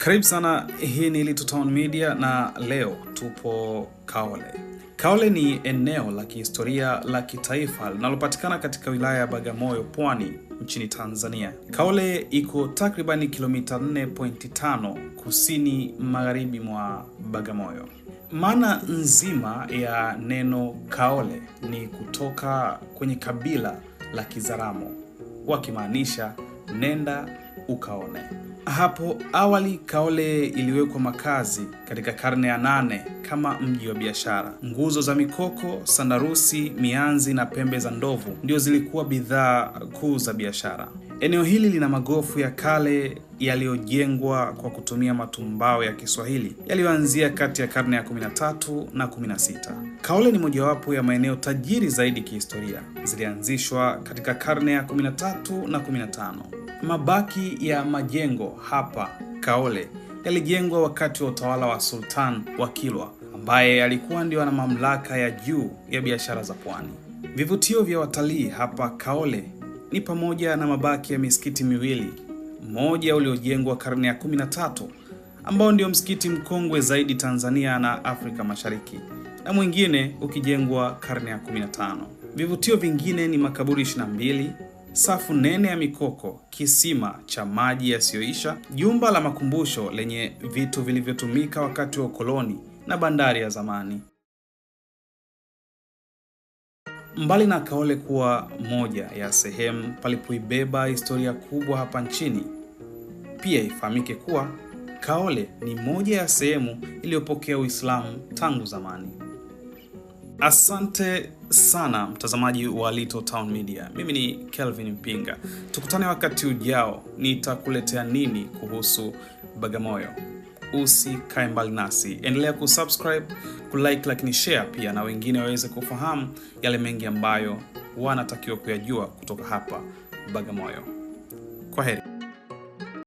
Karibu sana, hii ni Little Town Media na leo tupo Kaole. Kaole ni eneo la kihistoria la kitaifa linalopatikana katika wilaya ya Bagamoyo, Pwani, nchini Tanzania. Kaole iko takribani kilomita 4.5 kusini magharibi mwa Bagamoyo. Maana nzima ya neno Kaole ni kutoka kwenye kabila la Kizaramo, wakimaanisha nenda ukaone. Hapo awali Kaole iliwekwa makazi katika karne ya nane kama mji wa biashara. Nguzo za mikoko, sandarusi, mianzi na pembe za ndovu ndio zilikuwa bidhaa kuu za biashara. Eneo hili lina magofu ya kale yaliyojengwa kwa kutumia matumbao ya Kiswahili yaliyoanzia kati ya karne ya 13 na 16. Kaole ni mojawapo ya maeneo tajiri zaidi kihistoria. Zilianzishwa katika karne ya 13 na 15. Mabaki ya majengo hapa Kaole yalijengwa wakati wa utawala wa Sultan wa Kilwa ambaye alikuwa ndio ana mamlaka ya juu ya biashara za pwani. Vivutio vya watalii hapa Kaole ni pamoja na mabaki ya misikiti miwili, mmoja uliojengwa karne ya 13 ambao ndio msikiti mkongwe zaidi Tanzania na Afrika Mashariki na mwingine ukijengwa karne ya 15. Vivutio vingine ni makaburi 22, safu nene ya mikoko, kisima cha maji yasiyoisha, jumba la makumbusho lenye vitu vilivyotumika wakati wa ukoloni na bandari ya zamani. Mbali na Kaole kuwa moja ya sehemu palipoibeba historia kubwa hapa nchini, pia ifahamike kuwa Kaole ni moja ya sehemu iliyopokea Uislamu tangu zamani. Asante sana mtazamaji wa Little Town Media. Mimi ni Kelvin Mpinga, tukutane wakati ujao, nitakuletea nini kuhusu Bagamoyo. Usikae mbali nasi, endelea kusubscribe, kulike, lakini share pia na wengine waweze kufahamu yale mengi ambayo wanatakiwa kuyajua kutoka hapa Bagamoyo. Kwa heri.